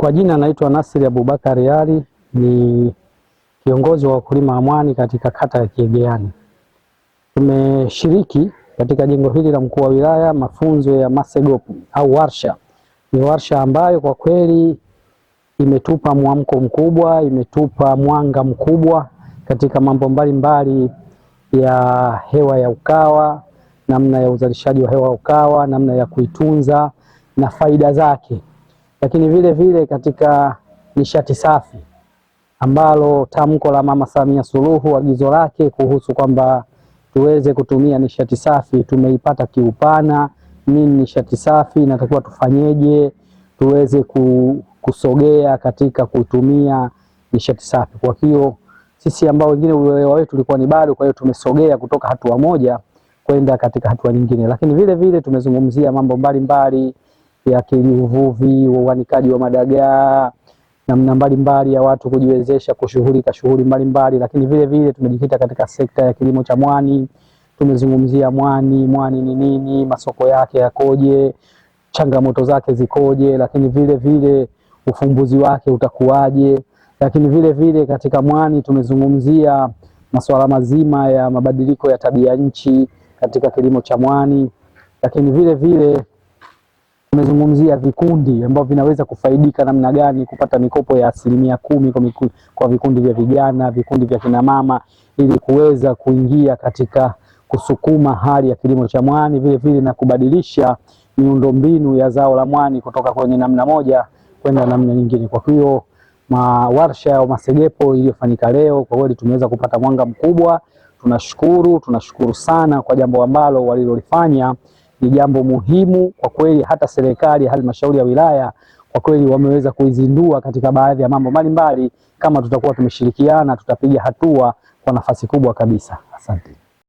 Kwa jina naitwa Nasiri Abubakar Ali, ni kiongozi wa wakulima wa mwani katika kata ya Kiegeani. Tumeshiriki katika jengo hili la mkuu wa wilaya mafunzo ya masegop au warsha. Ni warsha ambayo kwa kweli imetupa mwamko mkubwa, imetupa mwanga mkubwa katika mambo mbalimbali ya hewa ya UKAWA, namna ya uzalishaji wa hewa ya UKAWA, namna ya kuitunza na faida zake lakini vile vile katika nishati safi ambalo tamko la Mama Samia Suluhu, agizo lake kuhusu kwamba tuweze kutumia nishati safi tumeipata kiupana. Nini nishati safi? Inatakiwa tufanyeje tuweze kusogea katika kutumia nishati safi? Kwa hiyo sisi ambao wengine uelewa wetu ulikuwa ni bado, kwa hiyo tumesogea kutoka hatua moja kwenda katika hatua nyingine, lakini vile vile tumezungumzia mambo mbalimbali mbali, kiakili, uvuvi, uanikaji wa madagaa, namna mbalimbali ya watu kujiwezesha kushughulika shughuli mbalimbali, lakini vile vile tumejikita katika sekta ya kilimo cha mwani. Tumezungumzia mwani, mwani ni nini, masoko yake yakoje, changamoto zake zikoje, lakini vile vile ufumbuzi wake utakuwaje, lakini vile vile katika mwani tumezungumzia masuala mazima ya mabadiliko ya tabia nchi katika kilimo cha mwani, lakini vile vile Tumezungumzia vikundi ambavyo vinaweza kufaidika namna gani kupata mikopo ya asilimia kumi kwa, miku, kwa vikundi vya vijana, vikundi vya kinamama ili kuweza kuingia katika kusukuma hali ya kilimo cha mwani, vile vile na kubadilisha miundombinu ya zao la mwani kutoka kwenye namna moja kwenda namna nyingine. Kwa hiyo mawarsha ya masegepo iliyofanyika leo, kwa kweli tumeweza kupata mwanga mkubwa. Tunashukuru, tunashukuru sana kwa jambo ambalo walilolifanya ni jambo muhimu kwa kweli. Hata serikali ya halmashauri ya wilaya kwa kweli wameweza kuizindua katika baadhi ya mambo mbalimbali. Kama tutakuwa tumeshirikiana, tutapiga hatua kwa nafasi kubwa kabisa. Asante.